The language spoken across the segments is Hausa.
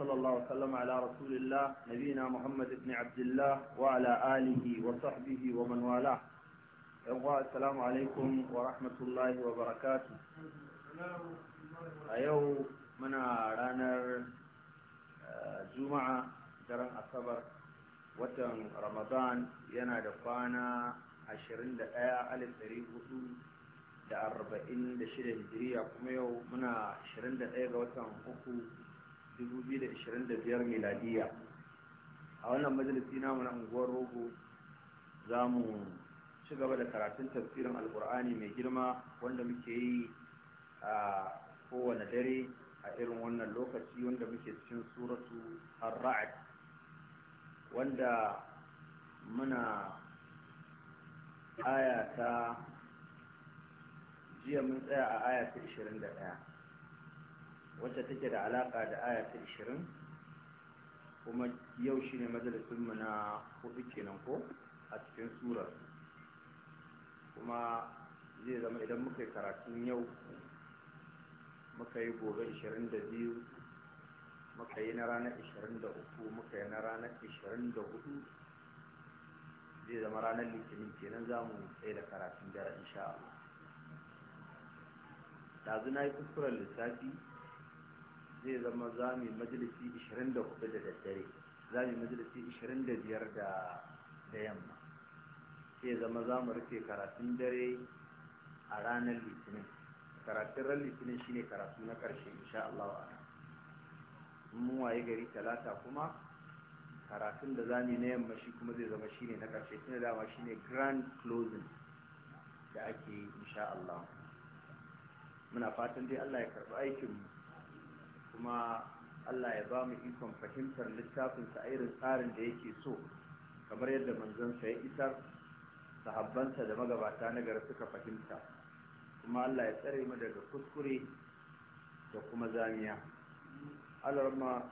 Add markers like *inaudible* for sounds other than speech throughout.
وصلى الله وسلم على رسول الله نبينا محمد بن عبد الله وعلى آله وصحبه ومن والاه السلام عليكم ورحمة الله وبركاته أيو من رانر جمعة daren asabar watan ramadan yana da kwana 21,446 hijiriya kuma yau muna 21 ga watan uku 2025 miladiya a wannan majalisi namu na unguwar rogo za mu ci gaba da karatun tafsirin alkur'ani mai girma wanda muke yi a kowane dare a irin wannan lokaci wanda muke cikin suratu ar-ra'd wanda muna aya jiya mun tsaya a aya ta 21 wacce take da alaka da aya ta 20 kuma yau shine majalisunmu na hudu kenan ko a cikin surar kuma zai zama idan muka yi karatun yau muka yi gobe 22 muka yi na ranar 23 muka yi na ranar 24 zai zama ranar litinin kenan za mu tsaye da karatun jara insha'a Allah ɗazu na yi kuskuren lissafi zai zama za mu majalisi 24 da daddare za mu majalisi 25 da da yamma sai zama za mu rufe karatun dare a ranar litinin karatun ran litinin shine karatu na karshe insha Allah mun waye gari talata kuma karatun da zamu na yamma shi kuma zai zama shine na karshe tunda dama shine grand closing da ake insha Allah muna fatan dai Allah ya karɓi aikin mu kuma Allah ya ba mu ikon fahimtar littafinsa a irin tsarin da yake so kamar yadda manzansa ya isar sahabbansa da magabata na gari suka fahimta kuma Allah ya tsare mu daga kuskure da kuma zamiya alarma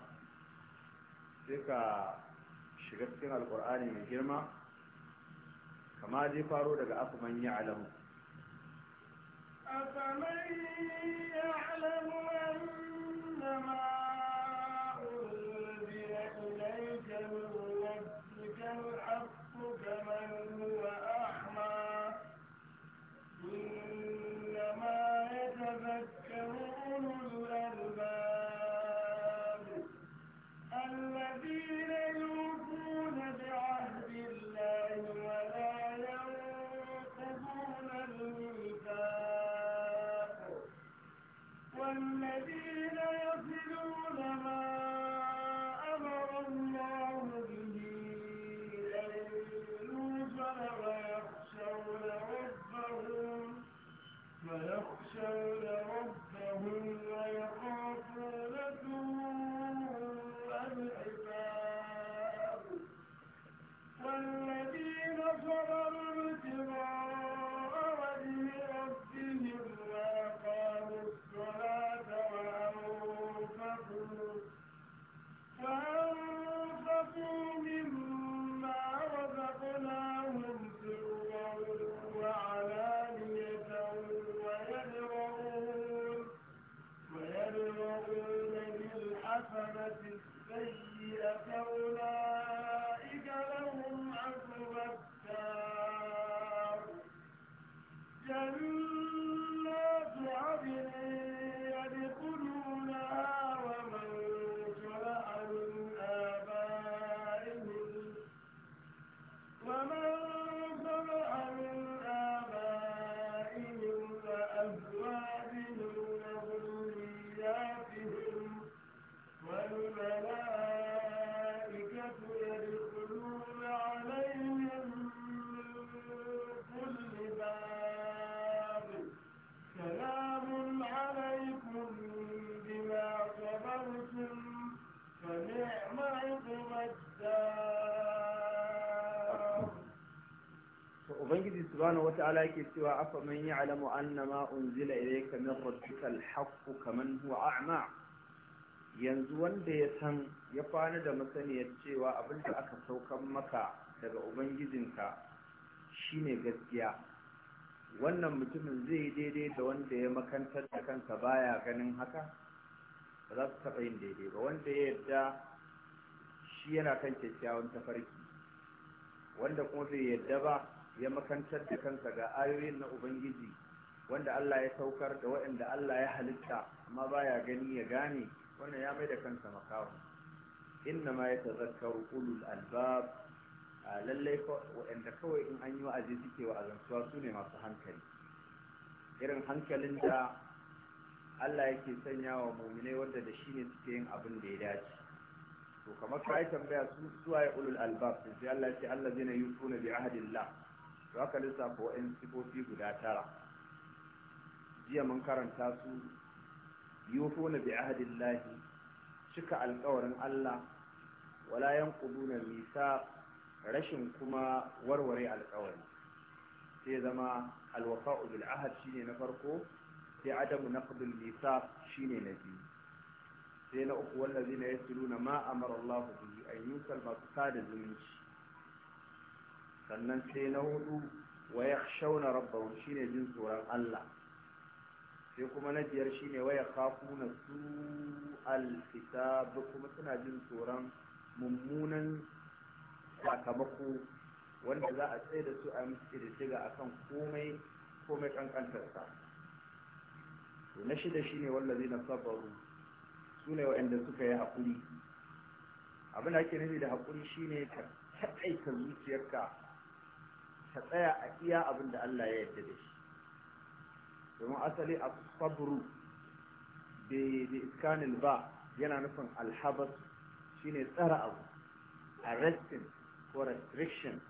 sai ka shiga cikin alkur'ani mai girma kama dai faro daga afuman ya alamu أفمن يعلم أن كما أنزل إليك من ربك الحق كمن هو فيخشون ربهم subhanahu wata'ala yake cewa afa man ya'lamu anna ma unzila ilayka min rabbika al-haqq kaman huwa a'ma yanzu wanda ya san ya kwana da masaniyar cewa abin da aka saukan maka daga ubangijinka shine gaskiya wannan mutumin zai yi daidai da wanda ya makantar da kansa baya ganin haka ba za su taɓa yin daidai ba wanda ya yarda shi yana kan kyakkyawan tafarki wanda kuma bai yarda ba ya makantar da kansa ga ayoyin na ubangiji wanda Allah ya saukar da waɗanda Allah ya halitta amma baya gani ya gane wannan ya mai da kansa makawa inna ma yatazakkaru ulul albab lallai waɗanda kawai in an yi wa'azi suke azantuwa su ne masu hankali irin hankalin da Allah yake sanya wa muminai wanda da shi ne suke yin abin da ya dace to kamar ka yi tambaya su suwaye ulul albab sai Allah ya ce Allah zai na yi bi ahdillah to aka lissafa wa'in sifofi guda tara jiya mun karanta su yufuna bi Lahi. cika alkawarin Allah wala yanquduna misa rashin kuma warware alkawari sai zama alwafa'u bil ahad shine na farko sai adamu naqdul misa shine na biyu sai na uku zina yasluna ma amara Allah bihi an yusal masu sada zumunci sannan sai na hudu wa yakhshawna rabbahum shine jin tsoron Allah sai kuma na biyar shine waya kafuna su alkitab kuma suna jin tsoron mummunan sakamako wanda za a tsaye da su a musu da shiga akan komai komai kankantarsa to na shida shine wallazi na sabaru su ne waɗanda suka yi haƙuri abin da ake nufi da haƙuri shine ka taƙaita zuciyarka ka tsaya a iya abin da Allah ya yarda da shi domin asali a sabru da iskanin ba yana nufin alhabas shine tsara abu arresting ko restriction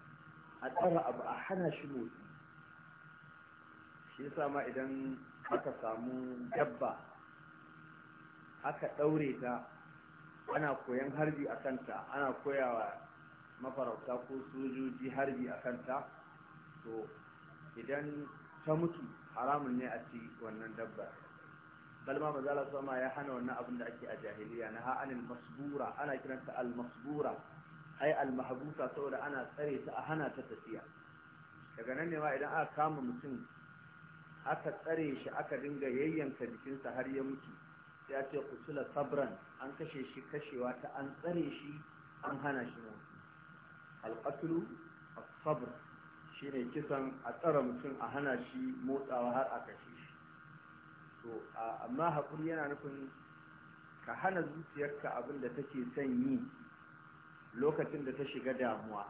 a tsara abu a hana shi motsi shi yasa ma idan aka samu dabba aka daure ta ana koyan harbi a kanta ana koyawa mafarauta ko sojoji harbi a kanta to idan ta mutu haramun ne a ci wannan dabba kalma mazala sama ya hana wannan abin da ake a jahiliya na ha'anil masbura ana kiranta al masbura ai al mahbusa saboda ana tsare ta a hana ta tafiya daga nan ne ma idan aka kama mutum aka tsare shi aka dinga yayyanka jikinsa har ya mutu ya ce kusula sabran an kashe shi kashewa ta an tsare shi an hana shi mutu as sabr shine kisan a tsara mutum a hana shi motsawa har a kashe shi to amma haƙuri yana nufin ka hana zuciyarka abin da take son yi lokacin da ta shiga damuwa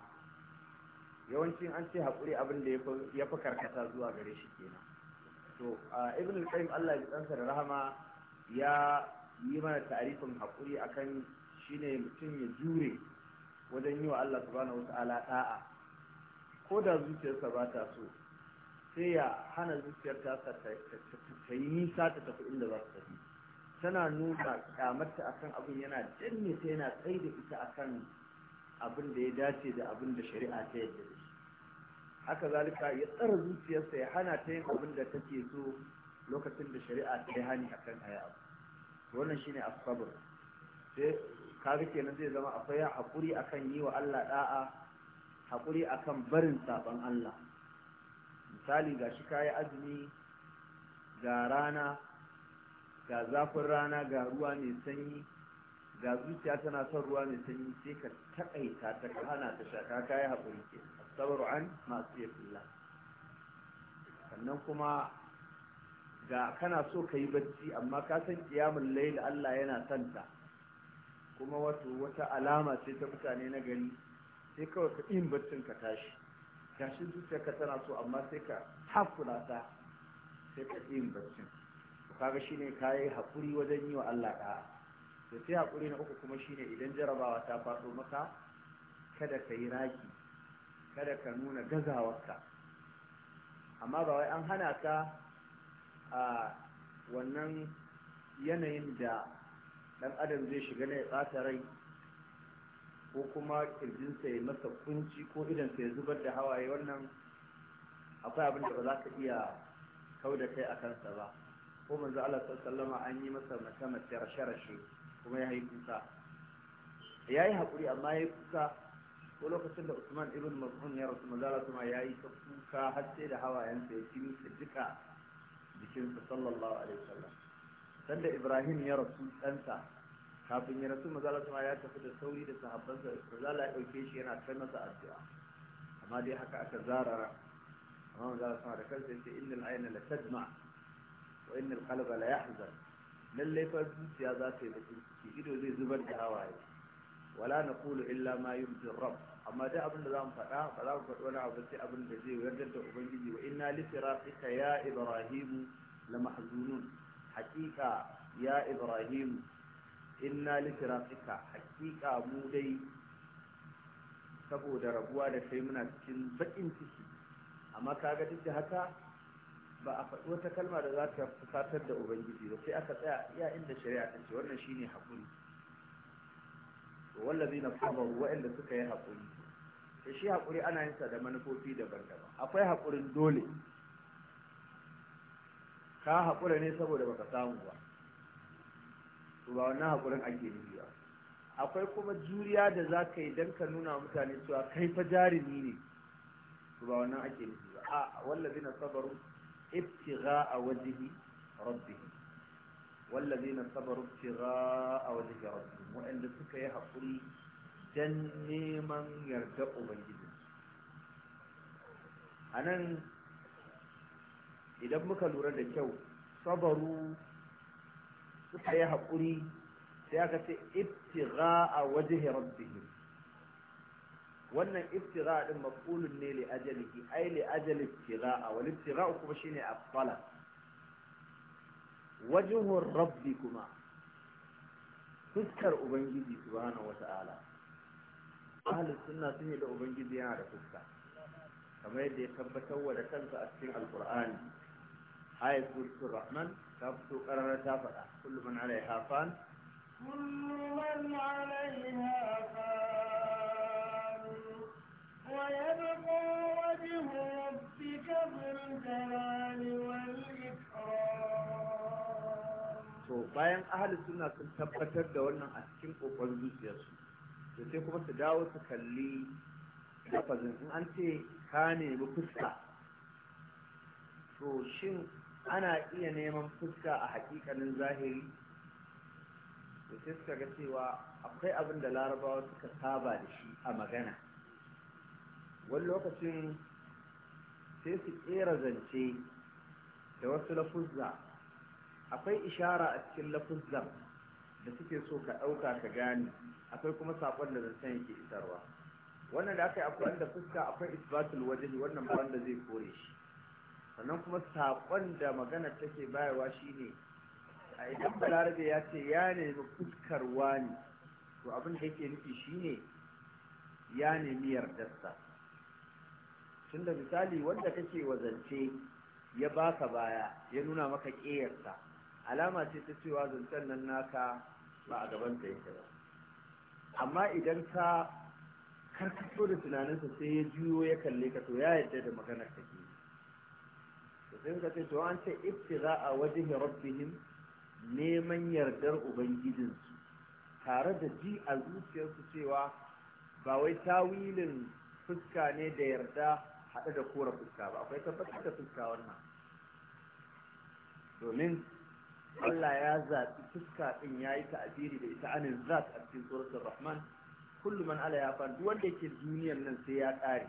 yawancin an ce haƙuri abin da ya fi karkata zuwa gare shi kenan to ibn al Allah ya tsansa da rahama ya yi mana tarifin haƙuri akan shine mutum ya jure wajen yi wa Allah subhanahu wa ta'ala da'a ko da zuciyarsa ba ta so sai ya hana zuciyar ta yi nisa ta tafi inda za ta tafi tana nuna kyamarta akan abin yana danne ta yana tsaye da ita akan abin da ya dace da abin da shari'a ta yadda da shi haka zalika ya tsara zuciyarsa ya hana ta yin abin da take so lokacin da shari'a ta yi hani akan haya abu wannan shine asabar sai kaga kenan zai zama akwai hakuri akan yi wa Allah da'a haƙuri akan barin saɓon Allah misali ga shi kayi azumi ga rana ga zafin rana ga ruwa mai sanyi ga zuciya tana son ruwa mai sanyi sai ka taƙaita ta hana ta shaka kayi haƙuri ke sabar an masu ya fulla sannan kuma ga kana so ka yi bacci amma ka san kiyamun lail Allah yana santa kuma wato wata alama ce ta mutane na gari sai kawai ka ɗin baccin ka tashi gashi zuciya ka tana so amma sai ka hakula ta sai ka in baccin kaga shine kayi hakuri wajen yi wa Allah da da sai hakuri na uku kuma shine idan jarabawa ta faɗo maka kada ka yi raki kada ka nuna gazawarka amma ba wai an hana ka a wannan yanayin da ɗan adam zai shiga ne ya rai ko kuma kirjinsa ya masa kunci ko idan ya zubar da hawaye wannan akwai abin da ba za ka iya kau da kai a kansa ba ko manzo Allah sallama an yi masa mace mace rashe rashe kuma ya yi kusa ya yi haƙuri amma ya yi kusa ko lokacin da Usman ibn Maz'un ya rasu manzo Allah kuma ya yi ta kuka har sai da hawayensa ya kimi ta duka jikinsa sallallahu alaihi wasallam sanda Ibrahim ya rasu ɗansa kafin ya rasu mazala sama ya tafi da sauri da sahabbansa mazala ya ɗauke shi yana kai masa addu'a amma dai haka aka zarara amma mazala sama da kansa ya ce innal ayna la tadma wa al qalba la yahzan lallai fa zuciya za ta yi bakin ciki ido zai zubar da hawaye wala naqulu illa ma yumti rabb amma dai abin da za faɗa ba za mu faɗi wani abu sai abin da zai wayar da ubangiji wa inna li firaqika ya ibrahim la mahzunun haqiqa ya ibrahim inna litirafika hakika mu dai saboda rabuwa da kai muna cikin baƙin ciki amma kaga duk da haka ba a faɗi wata kalma da za ta fusatar da ubangiji ba sai aka tsaya iya inda shari'a ta ce wannan shine haƙuri to wallazi na sabaru waɗanda suka yi haƙuri to shi haƙuri ana yin sa da manufofi daban-daban akwai haƙurin dole ka haƙura ne saboda baka samu ba ba wani haƙurin ake nufi ba akwai kuma juriya da za ka yi don ka nuna mutane cewa kai fa jarumi ne ba wannan ake nufi ba a wallazi na sabaru ibtigha a wajihi rabbihi wallazi na sabaru ibtigha a wajihi rabbihi waɗanda suka yi haƙuri don neman yarda ubangiji a nan idan muka lura da kyau sabaru suka yi haƙuri sai aka ce iftira a wajhi rabbihim wannan iftira din maqulun ne li ajalihi ay li ajali ibtigha wal ibtigha kuma shine afala rabbi kuma. fuskar ubangiji subhanahu wata'ala ahli sunna sun yi da ubangiji yana da fuska kamar yadda ya tabbatar wa da kansa a cikin alqur'ani ayatul rahman ta fito ƙarar ta faɗa kullum man alaiha fan kullum man alaiha fan wa yabqa wajhu rabbika dhul jalali wal ikram to bayan ahli suna sun tabbatar da wannan a cikin kokon zuciyarsu to sai kuma su dawo su kalli lafazin in an ce ka nemi fuska to shin ana iya neman fuska a hakikanin zahiri da sai suka ga cewa akwai abin da larabawa suka saba da shi a magana wani lokacin sai su kera zance da wasu lafuzza akwai ishara a cikin lafuzzar da suke so ka ɗauka ka gane akwai kuma saƙon da zancen yake isarwa wannan da aka yi akwai da fuska akwai isbatul wajen wannan ban da zai kore shi sannan kuma saƙon da magana take bayarwa shine a idan balarabe ya ce ya nemi fuskar wani to abin da yake nufi shine ya nemi yardarsa tun da misali wanda kake wazance ya baka baya ya nuna maka ƙeyarsa alama ce ta cewa zancen nan naka ba a gaban ta yake ba amma idan ka karkato da tunaninsa sai ya juyo ya kalle ka to ya yarda da maganar take sai ka ce to an ce ibtiza a wajen rabbihim neman yardar ubangijinsu tare da ji a zuciyarsu cewa ba wai tawilin fuska ne da yarda haɗe da kora fuska ba akwai tabbatar da fuska wannan domin Allah ya zaɓi fuska ɗin ya yi ta'abiri da ita anin zat a cikin tsoron rahman kullum man ala ya faru wanda yake duniyar nan sai ya ƙare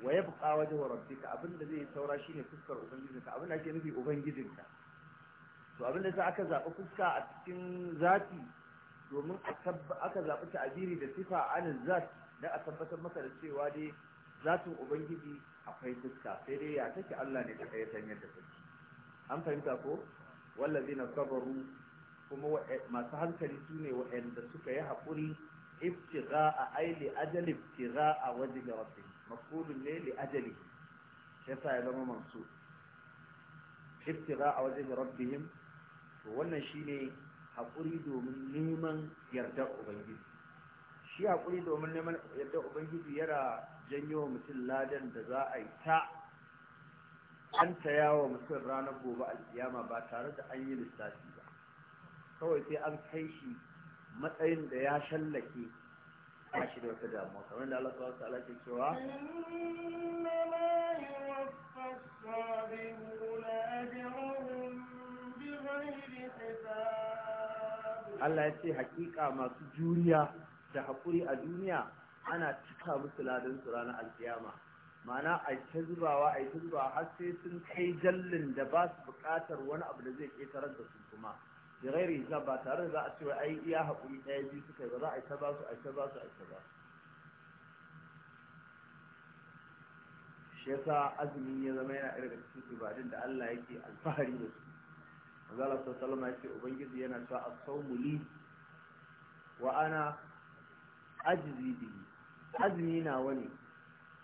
wa yabqa wajhu ka abin da zai saura shine fuskar ubangijinka abin da ake nufi ubangijinka to abin da aka zaɓi fuska a cikin zafi domin aka zaɓi ta'abiri da sifa anin zat da a tabbatar maka da cewa dai zatin ubangiji akwai fuska sai dai ya take Allah ne kai san yadda take an fahimta ko na sabaru kuma masu hankali su ne waɗanda suka yi haƙuri a aili ajal a wajen rabbihim mafulun ne li ajali yasa ya zama masu iftira a wajen rabbihim to wannan shine hakuri domin neman yardar ubangiji shi hakuri domin neman yardar ubangiji yana janyo mutum ladan da za a yi ta an taya wa mutum ranar gobe alkiyama ba tare da an yi lissafi ba kawai sai an kai shi matsayin da ya shallake ba shi da wata damuwa kamar da Allah ke cewa Allah ya ce hakika masu juriya da hakuri a duniya ana cika musu ladan su ranar alkiyama ma'ana a ta zubawa a ta zubawa har sai sun kai jallin da ba su buƙatar wani abu da zai ƙetarar da su kuma بغير حساب باتر اذا اتوا اي اياها قولي اي دي سكي وضع اي سباس اي سباس اي سباس الشيطة أزمي يزمينا إرغة تسوكي بعدين دعا الله يكي الفهري رسول وقال صلى الله عليه وسلم أبنك زينا شاء الصوم لي وأنا أجزي به أزمينا وني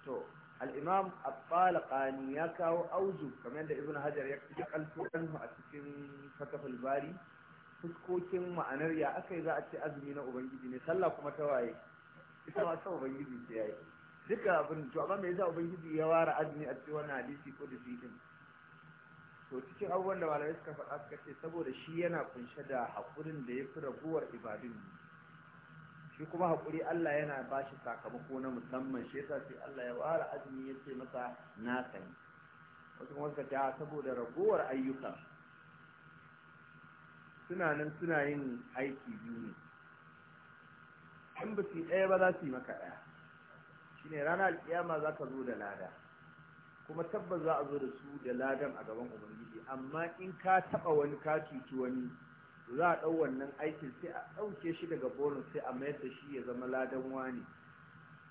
تو الإمام الطالقاني يكاو أوزو كما عند ابن هجر يكتب قلت عنه فتح الباري fuskokin ma'anar ya aka yi za a ce azumi na ubangiji ne sallah kuma ta waye ita ma ta ubangiji ce yayi duka abin to amma me yasa ubangiji ya ware azumi a cikin na hadisi ko da din to cikin abubuwan da malamai suka faɗa suka ce saboda shi yana kunshe da haƙurin da ya fi raguwar ibadun shi kuma haƙuri Allah yana ba shi sakamako na musamman shi yasa sai Allah ya ware azumi ya ce masa na sani wasu kuma suka ce saboda raguwar ayyukan. suna nan suna yin aiki biyu ne in ba su ɗaya ba za su yi maka ɗaya shine ranar alƙiyama za ka zo da lada kuma tabbas za a zo da su da ladan a gaban ubangiji amma in ka taɓa wani ka cuci wani za a ɗau wannan aikin sai a ɗauke shi daga bonus sai a mayar da shi ya zama ladan wani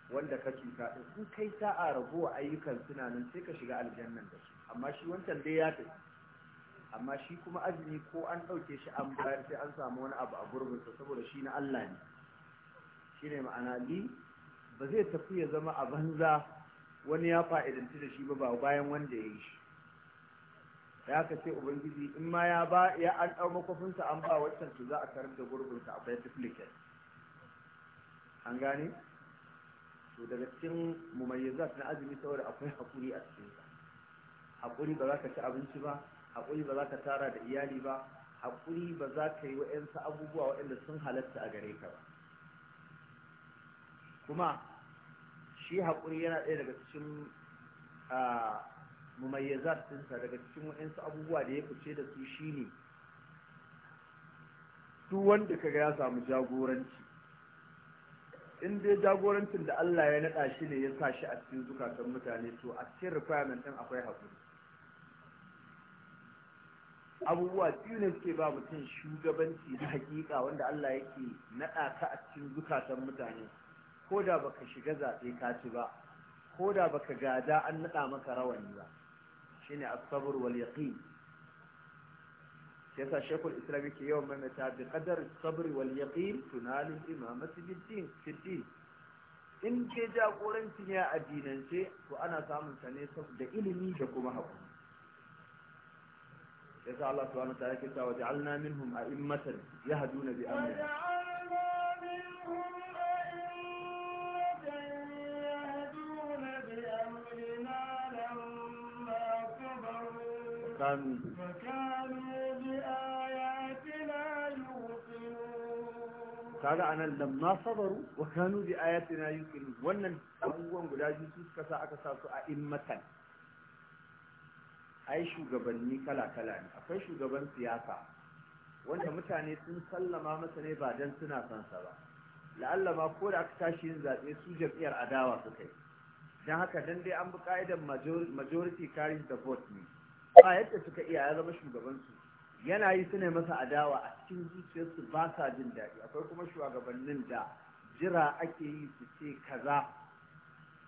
wanda ka cuta in kai sa'a rabuwa ayyukan suna nan sai ka shiga aljannan da su amma shi wancan dai ya tafi amma shi kuma azumi ko an ɗauke shi an bayar sai an samu wani abu a gurbinsa saboda shi na Allah ne shi ne ma'ana li ba zai tafi ya zama a banza wani ya fa'idanci da shi ba ba bayan wanda ya yi shi ya ka ce ubangiji in ma ya ba ya an ɗau makwafinsa an ba waccan su za a tarar da gurbinsa bayan duplicate an gane to daga cikin mumayyazat na azumi saboda akwai haƙuri a cikinsa haƙuri ba za ka ci abinci ba haƙuri ba za ka tara da iyali ba haƙuri ba za ka yi wa'yansu abubuwa waɗanda sun halatta a gare ka ba kuma shi haƙuri yana ɗaya daga cikin mumayyazar ɗinsa daga cikin wa'yansu abubuwa da ya fice da su shine duk wanda kaga ya samu jagoranci in dai jagorancin da Allah ya naɗa shi ne ya sa shi a cikin zukatan mutane to a cikin requirement ɗin akwai haƙuri abubuwa biyu ne suke ba mutum shugabanci na hakika wanda Allah yake naɗa ka a cikin zukatan mutane ko da baka shiga zaɓe ka ci ba ko da baka gada an naɗa maka rawani ba shine as-sabr wal yaqin yasa shekul islam yake yawan mamata bi qadar as-sabr wal yaqin tunalin imamati bid-din in ke jagoranci ne a addinance to ana samun sa ne da ilimi da kuma haƙuri. يسعى الله سبحانه وتعالى كتا وجعلنا منهم أئمة يهدون بأمرنا وجعلنا منهم أئمة يهدون بأمرنا لما صبروا وكانوا بآياتنا يوقنون قال أنا لما صبروا وكانوا بآياتنا يوقنون وأن الأول ولا يسوس كساعة كساعة أئمة ai shugabanni kala-kala ne akwai shugaban siyasa wanda mutane sun sallama masa ne ba don suna son sa ba la'alla ma ko da aka tashi yin zaɓe su jam'iyyar adawa suka yi don haka dan dai an bi ka'idar majority carries the vote ne ba yadda suka iya ya zama shugabansu yana yi su masa adawa a cikin zuciyarsu ba sa jin daɗi akwai kuma shugabannin da jira ake yi su ce kaza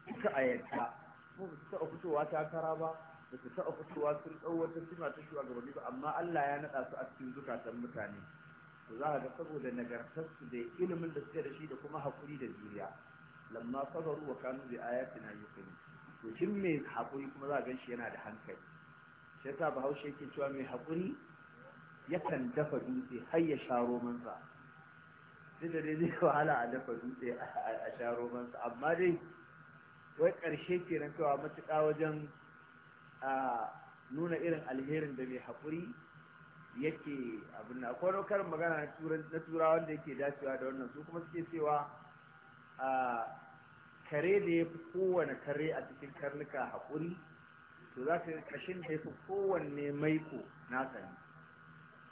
duka a yadda ba su taɓa fitowa takara ba da su taɓa fitowa sun ɗau wata ta shugabanni ba amma Allah ya naɗa su a cikin zukatan mutane to za ga saboda nagartarsu da ilimin da suke da shi da kuma haƙuri da juriya lamma sabaru wa kanu bi na yuqinu to shin mai haƙuri kuma za gan shi yana da hankali shi yasa bahaushe yake cewa mai haƙuri yakan dafa dutse har ya sha romansa duk da dai zai wahala a dafa dutse a sha romansa amma dai wai ƙarshe kenan cewa matuƙa wajen a nuna irin alherin da mai haƙuri yake abin na akwai dokar magana na turawa wanda yake dacewa da wannan su kuma suke cewa a kare da ya fi kowane kare a cikin karnuka haƙuri to za ka kashin da ya fi kowanne maiko nasa ne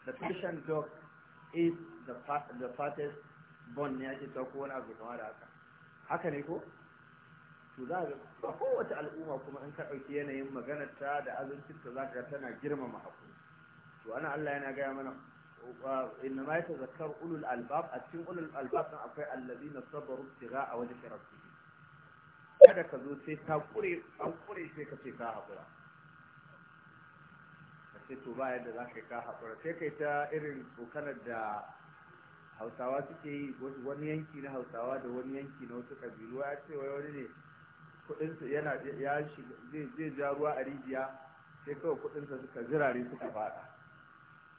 the patient dog is the fattest bone ne ake cewa kowane abu kama da haka haka ne ko to za ga kowace al'umma kuma in ka ɗauki yanayin maganar ta da azuncinta za ka tana girmama haƙuri to ana Allah yana gaya mana inna ma ta zakar ulul albab a cikin ulul albab ɗin akwai allazi na sabaru tira a wani shirafi kada ka zo sai ta kure an kure sai ka ce ka haƙura ka ce to ba yadda za ka ka haƙura sai kai ta irin tsokanar da hausawa suke yi wani yanki na hausawa da wani yanki na wasu ƙabilu ya ce wai wani ne Kudinsa yana ya shiga zai ja ruwa a rijiya sai kawai kudinsa suka zirare suka faɗa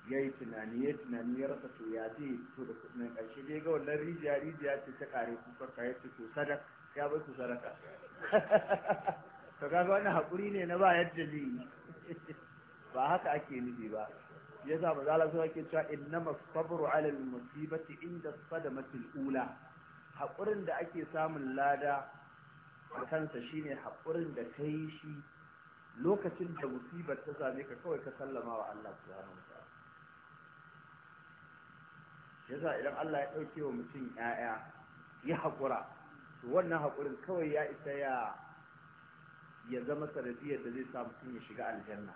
ya yi tunani ya tunani ya rasa to ya zai to da kuɗin ƙarshe dai ga wannan rijiya rijiya ce ta ƙare kuka ka yace to sadak ya bai su sadaka *laughs* to kaga wannan haƙuri ne na ba yadda zai *laughs* ba haka ake nufi ba yasa ba za la ake cewa innama sabru ala al musibati inda sadamatil ula haƙurin da ake samun lada a kansa shine haƙurin da ka yi shi lokacin da musibar ta same ka kawai ka sallama wa Allah subhanahu wa yasa idan Allah ya ɗauke wa mutum ‘ya'ya ya haƙura to wannan haƙurin kawai ya isa ya ya zama sanadiyar da zai sa mutum ya shiga aljanna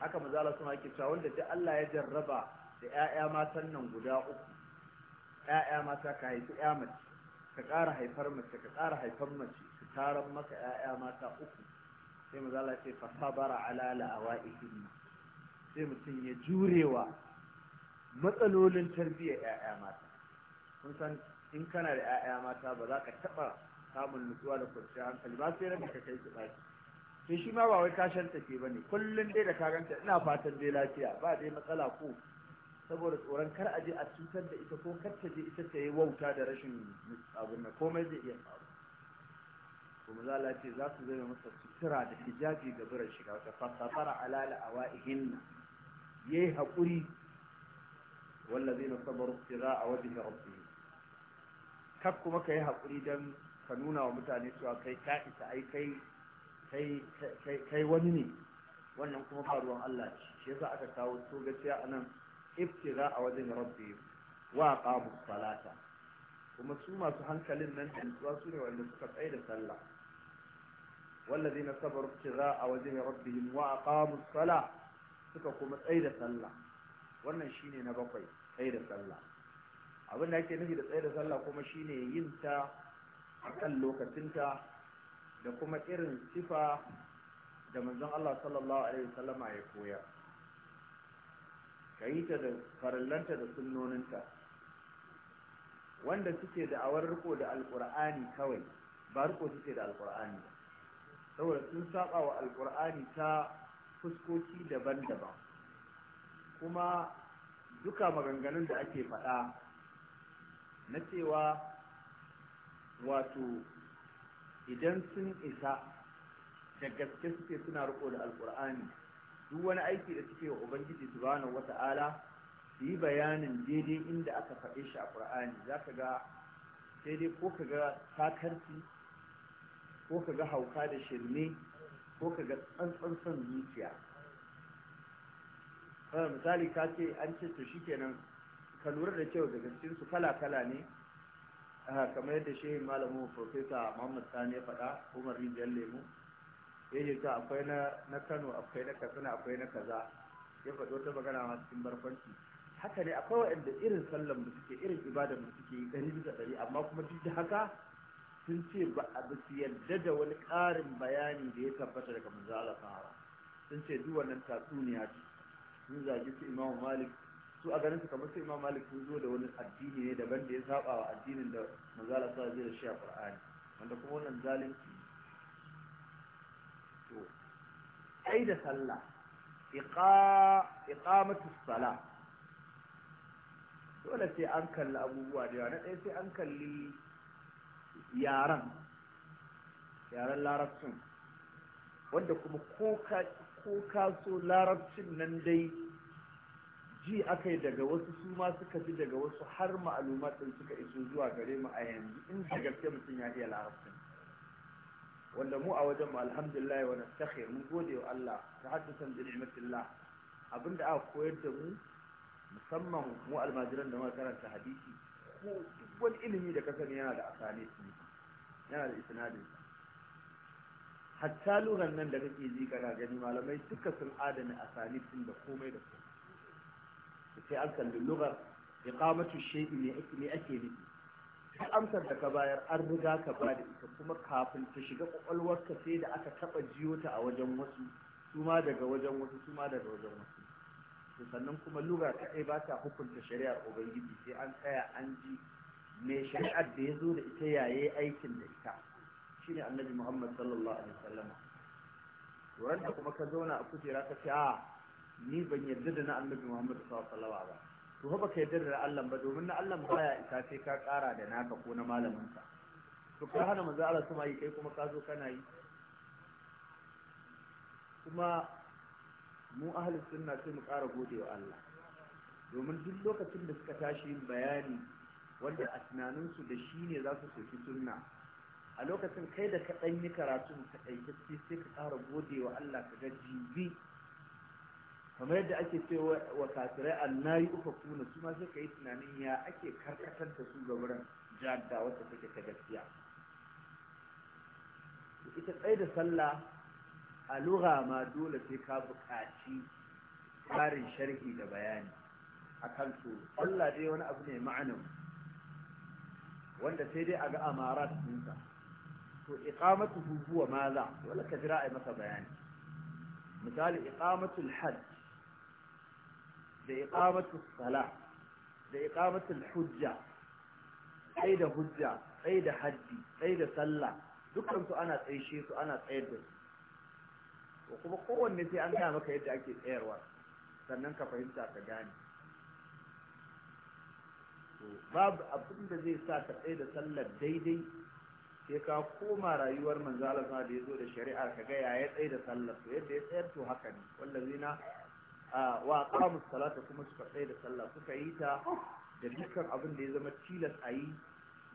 haka mazala suna ake cewa wanda duk Allah ya jarraba da ‘ya'ya matan nan guda uku ‘ya'ya mata ka haifi ‘ya mace ka ƙara haifar mace ka ƙara haifar mace su taron maka ƴaƴa mata uku sai mu zala ce fasabara alala a wa'ihin sai mutum ya jurewa matsalolin tarbiyyar ƴaƴa mata kun san in kana da ƴaƴa mata ba za ka taɓa samun nutsuwa da kwanciyar hankali ba sai ranka ka kai su Sai shi ma ba wai kashin take ba ne kullum dai da ka ina fatan dai lafiya ba dai matsala ko saboda tsoron kar a je a cutar da ita ko kar ta je ita ta yi wauta da rashin abin na komai zai iya faru kuma za ce za su zama masa sutura da hijabi ga biran shiga wata fasafara alala a wa'ihin na ya yi haƙuri wallazi na sabar tsira a wajen da rabbi kar kuma ka yi haƙuri don ka nuna wa mutane cewa kai ka isa ai kai wani ne wannan kuma faruwan Allah ce shi yasa aka kawo to gaskiya anan ibtira a wajen rabbi wa qamu salata kuma su masu hankalin nan da nutsuwa su ne wanda suka tsaye da sallah والذين صبروا ابتغاء وجه ربهم واقاموا الصلاه suka kuma tsaye da sallah wannan shine na bakwai tsaye da sallah abin da ake nufi da tsaye da sallah kuma shine yin ta a kan lokacinta da kuma irin sifa da manzon Allah sallallahu alaihi wasallama ya koyar ka yi ta da farallanta da sunnoninta wanda suke da awar riko da alkur'ani kawai ba riko suke da alkur'ani ba saboda sun saba wa alkur'ani ta fuskoki daban-daban kuma duka maganganun da ake faɗa na cewa wato idan sun isa da gaske suke suna riko da alkur'ani duk wani aiki da suke wa ubangiji subhanahu wata'ala su yi bayanin daidai inda aka faɗe shi a ƙur'ani za ka ga sai dai ko ka ga takarci ko ka ga hauka da shirme ko ka ga tsantsan son zuciya misali ka ce an ce to shi kenan ka lura da kyau daga cikin su kala-kala ne kamar yadda shehin malamu profesa muhammad sani ya faɗa umar rijiyar lemu ya yi ta akwai na kano akwai na katsina akwai na kaza ya faɗo ta magana masu cikin barkwanci haka ne akwai waɗanda irin sallan mu suke irin ibadan mu suke ɗari bisa ɗari amma kuma duk da haka sun ce ba a su yarda da wani ƙarin bayani da ya tabbata daga manzo Allah sun ce duk wannan tatsuniya ce sun zagi su imamu malik su a ganin su kamar su imamu malik sun zo da wani addini ne daban da ya saba wa addinin da manzo Allah zai da shi a ƙur'ani wanda kuma wannan zalunci to kai da sallah iqamatu dole sai an kalli abubuwa da yawa na ɗaya sai an kalli yaran yaran larabcin wanda kuma ko ka so larabcin nan dai ji aka yi daga wasu su ma suka ji daga wasu har ma'alumatin suka iso zuwa gare mu a yanzu in da gaske mutum ya iya larabcin wanda mu a wajen mu alhamdulillah wa nastaghfir mu gode wa Allah ta haddasan bi ni'matillah abinda aka koyar da mu musamman mu almajiran da muka karanta hadisi ko duk wani ilimi da ka sani yana da asali yana da isnadin hatta lugan nan da kake ji kana gani malamai duka sun adana asali sun da komai da komai sai an kalli lugar iqamatu shay'i ne ake nufi ta amsar da ka bayar an riga ka ba da ita kuma kafin ta shiga kwakwalwarka sai da aka taba jiyo ta a wajen wasu su ma daga wajen wasu su ma daga wajen wasu to sannan kuma lura ta ba ta hukunta shari'ar ubangiji sai an tsaya an ji me shari'ar da ya zo da ita yaye aikin da ita shine annabi muhammad sallallahu alaihi wasallam to da kuma ka zauna a kujera ka ce a ah, ni ban yarda da na annabi muhammad sallallahu alaihi wasallam ba to ba ka yarda da Allah ba domin na Allah ya isa sai ka ƙara da naka ko na malamin ka to ka hana manzo Allah su yi kai kuma ka zo kana yi kuma mu ahlus sunna sai mu ƙara godewa Allah domin duk lokacin da suka tashi yin bayani wanda a su da shi ne za su soki sunna a lokacin kai da ka ɗan yi karatu ka ɗaikacce sai ka ƙara godewa Allah ka ga jibi kamar yadda ake cewa wa kafirai annayi uka kuna su ma sai yi tunanin ya ake karkatar da su ga wurin jadda wacce take ta gaskiya ita tsaye da sallah a lura ma dole sai ka buƙaci ƙarin sharhi da bayani a kan su sallah dai wani abu ne ma'anin wanda sai dai a ga amara ɗinsa to iqamatu huwa maza wala ka jira a masa bayani misali iqamatul hajj da iqamatu sala da iqamatu hujja tsaye da hujja tsaye da haddi tsaye da sallah dukkan ana tsaye su ana tsayar da su kuma kowanne sai an gaya maka yadda ake tsayarwa sannan ka fahimta ka gane babu abin da zai sa ka tsaye da sallar daidai sai ka koma rayuwar manzo da ya zo da shari'ar ka ga ya tsaye da sallar to yadda ya tsayar to haka ne wallazina wa aqamu salata kuma suka tsaye da sallah suka yi ta da dukkan abin da ya zama tilas a yi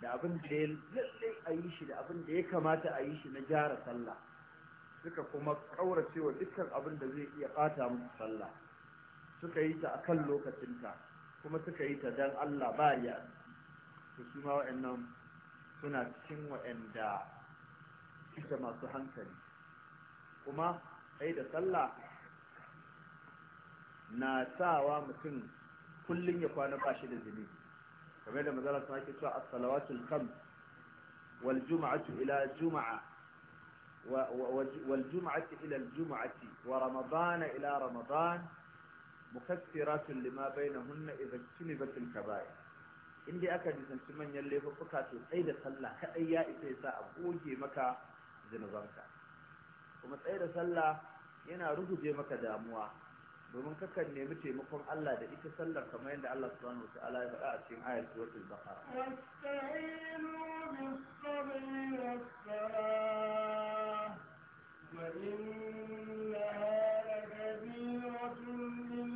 da abin da ya lalle a yi shi da abin da ya kamata a yi shi na gyara sallah suka kuma kaurace wa dukkan abin da zai iya bata musu sallah suka yi ta akan lokacinta kuma suka yi ta dan Allah ba ya su su ma wa'annan suna cikin wa'anda suke masu hankali kuma ai da sallah na sawa mutum kullum ya kwana ba shi da zunubi kamar da mazala ta ake cewa as-salawatul khams wal jum'atu ila jum'a wal jum'ati ila al wa ramadan ila ramadan mukaffiratun lima bainahunna idza tunibat al kaba'ir indai aka nisanci manyan laifuka to sai da sallah kadai ya isa ya sa a goge maka zunubanka kuma tsaye da sallah yana ruguje maka damuwa domin kakan nemi taimakon Allah da ita sallar kamar yadda Allah subhanahu wata'ala ya faɗa a cikin ayat suratul baqara nasta'inu bis-sabri was-salah wa innaha lakabiratun illa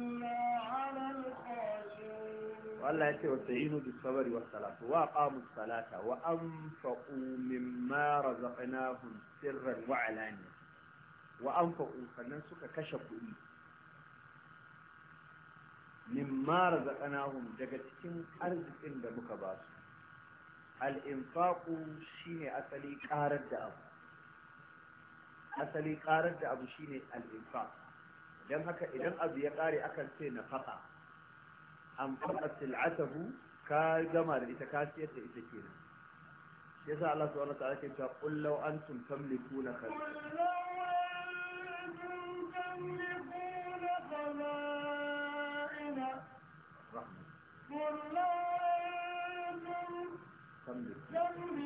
'ala al-khashi'in Allah ya ce wasta'inu bis-sabri was-salah wa aqamu salata wa anfaqu mimma razaqnahum sirran wa 'alaniyah wa anfaqu sannan suka kashe kuɗi mimma razaqnahum daga cikin arzikin da muka ba su shine asali ƙarar da abu asali ƙarar da abu shine al'imfa. infaq dan haka idan abu ya ƙare akan ce na faɗa. an faqa sil'atahu ka gama da ita ka siyar da ita kenan yasa Allah subhanahu wa ta'ala ke cewa qul law antum tamlikuna khalqa تملكون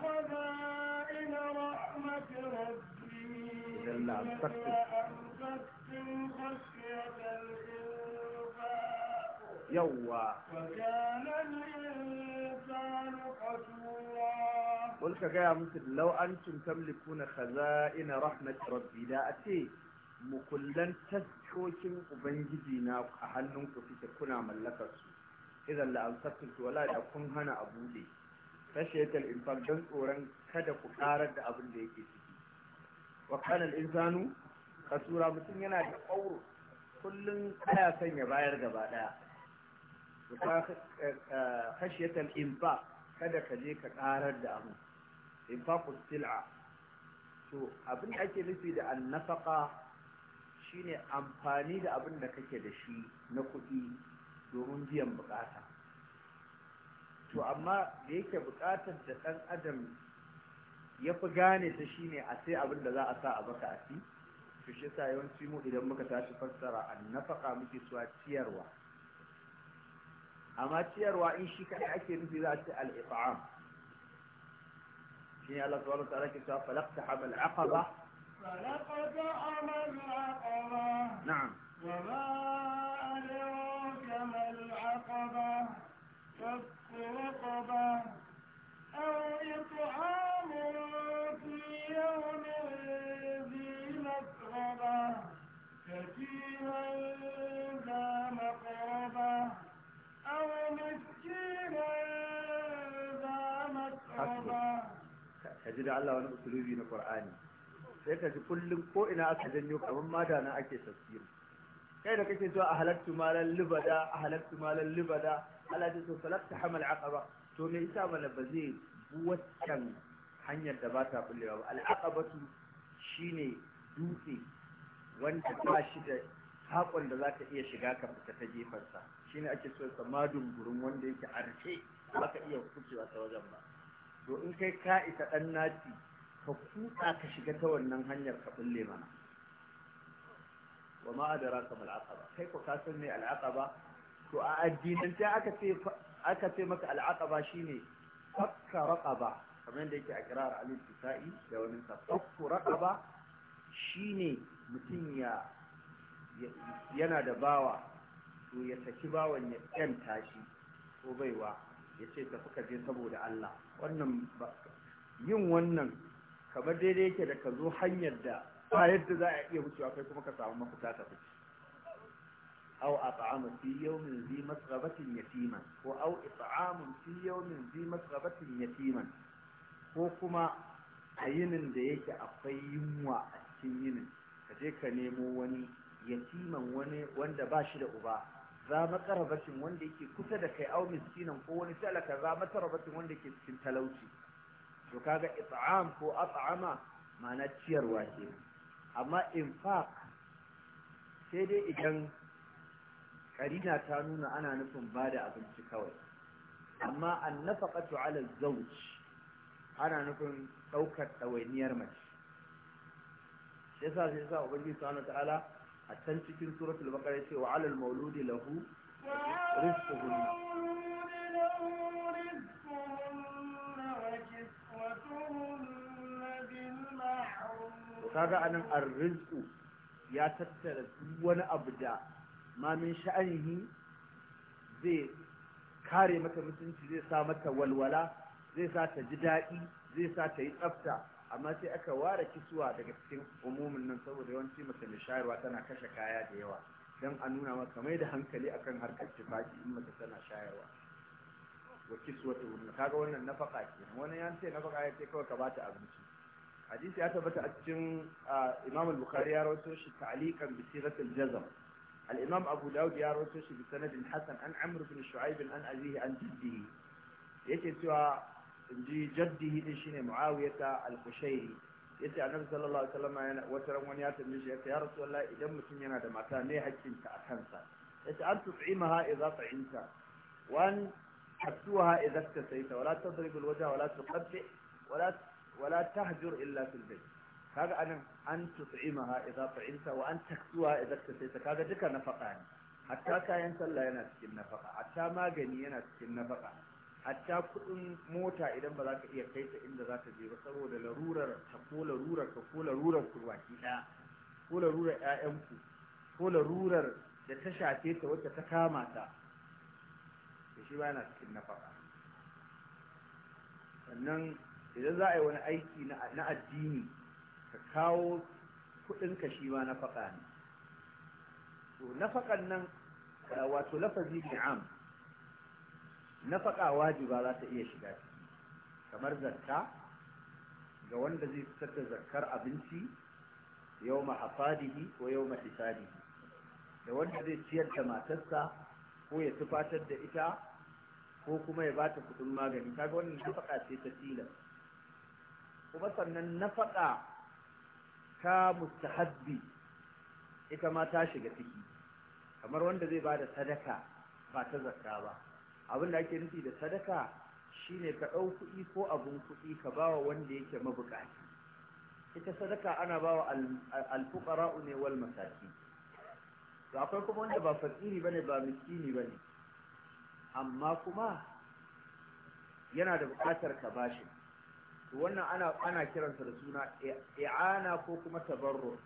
خزائن رحمة ربي إلا أنفسكم خشية الإنفاق يوا وكان الإنسان قتورا قل كجاء مثل لو أنتم تملكون خزائن رحمة ربي لا أتي mukullan tashokin ubangiji na a hannunku suke kuna mallakar su idan la amsaktum wala da kun hana a bude kashiyatal infaq dan tsoron kada ku karar da abin da yake ciki wa kana al insanu kasura mutum yana da kauro kullun kaya san ya bayar gaba daya eh, eh, kashiyatal infaq kada ka je ka karar da abu infaqus sil'a to abin da ake nufi da annafaqa shine amfani da abin da kake da shi na kuɗi domin biyan bukata to amma da yake bukatar da ɗan adam ya fi gane ta shi ne a sai abin da za a sa a baka a fi to shi sa yawanci mu idan muka tashi fassara an nafaka muke suwa ciyarwa amma ciyarwa in shi kaɗai ake nufi za a ce al shi shine Allah ta wani tsara ke cewa falaqta hamal aqaba فلقد أما عقبة نعم وما أدراك ما العقبة فك رقبة أو إطعام في يوم ذي مسغبة يتيما ذا مقربة أو مسكينا ذا مسغبة تجد على وانا أسلوبي القرآني sai ka ji kullum ko ina aka janyo kamar mada na ake tafsiri kai da kake so a halattu malan libada a halattu malan libada Allah ya ce salatta hamal aqaba to me yasa mana ba zai waccan hanyar da ba ta bullewa ba al'aqabatu shine dutse wanda ba shi da hakon da za iya shiga ka fita ta sa shine ake so sa madun gurin wanda yake arce ba ka iya kucewa ta wajen ba to in kai ka isa dan naci ka kuka ka shiga ta wannan hanyar ka bulle mana wa ma ka mal aqaba kai ko ka san me al aqaba to a addinin sai aka ce aka ce maka al aqaba shine fakka raqaba kamar da yake a kirar al-tisa'i da wani sa fakku raqaba shine mutum ya yana da bawa to ya saki bawan ya yanta shi ko baiwa ya ce tafi ka je saboda Allah wannan yin wannan kamar daidai yake da ka zo hanyar da ba yadda za a iya wucewa kai kuma ka samu mafita ka fice aw at'amu fi min zi masghabatin yatiman ko aw it'amun fi min zi masghabatin yatiman ko kuma a yinin da yake akwai yunwa a cikin yinin ka je ka nemo wani yatiman wani wanda ba shi da uba za makarabacin wanda yake kusa da kai au miskinan ko wani talaka za makarabacin wanda yake cikin talauci to kaga it'am ko at'ama ma'ana ciyarwa ce amma infaq sai dai idan karina ta nuna ana nufin bada abinci kawai amma an nafaƙatu ala zauj ana nufin ɗaukar ɗawainiyar mace yasa sai yasa ubangiji subhanahu ta'ala a can cikin suratul baqara yace wa alal mauludi lahu rizquhum kaga anan arrizu ya tattara duk wani abu da ma min sha'anihi zai kare mata mutunci zai sa mata walwala zai sa ta ji daɗi zai sa ta yi tsafta amma sai aka ware kisuwa daga cikin umumin nan saboda yawanci mace mai shayarwa tana kashe kaya da yawa don a nuna maka mai da hankali akan harkar tufaki in mace tana shayarwa wa kiswatuhunna kaga wannan nafaka ce wani ya ce nafaka ya ce kawai ka bata abinci hadisi ya tabbata a cikin Imam al-Bukhari ya rawaito shi ta'liqan bi siratil jazm al-Imam Abu Dawud ya rawaito shi bi sanadin hasan an Amr bin Shu'aib an abihi an jiddihi yake cewa inji jaddihi din shine Muawiyah al-Qushayri yace annabi sallallahu alaihi wasallam yana wata ran wani ya tambaye shi yace ya rasulullahi idan mutum yana da mata ne ta a kansa yace an tut'imaha idza ta'inta wan تكسوها إذا اكتسيت ولا تضرب الوجه ولا تقبع ولا ولا تهجر إلا في البيت هذا أن أن تطعمها إذا طعمت وأن تكسوها إذا اكتسيت هذا ذكر نفقة حتى كاين صلى ينسك النفقة حتى ما جني ينسك النفقة hatta kudin mota idan ba za ka iya kai ta inda za ta je ba saboda larurar ta ko larurar ka ko larurar ku baki ɗaya ko larurar ƴaƴanku ko larurar da ta shafe ta wacce ta kama ta to shi cikin nafaka sannan idan za a yi wani aiki na addini ka kawo ka shi ma nafaka ne to nafakan nan wato lafazi ne am nafaka wajiba za ta iya shiga ciki kamar zakka ga wanda zai fitar da zakkar abinci yau ma hafadihi ko yau ma da wanda zai ciyar da matarsa ko ya tufatar da ita ko kuma ya bata kudin magani kaga wannan nafaka ce ta tilas kuma sannan nafaka ta mustahabbi ita ma ta shiga ciki kamar wanda zai bada sadaka ba ta zakka ba abin da ake nufi da sadaka shine ka ɗau kuɗi ko abun kuɗi ka bawa wanda yake mabukaci ita sadaka ana bawa alfuqara ne wal masakin to akwai kuma wanda ba fakiri bane ba miskini bane amma kuma yana da buƙatar ka bashi wannan ana ana kiransa da suna i'ana ko kuma tabarru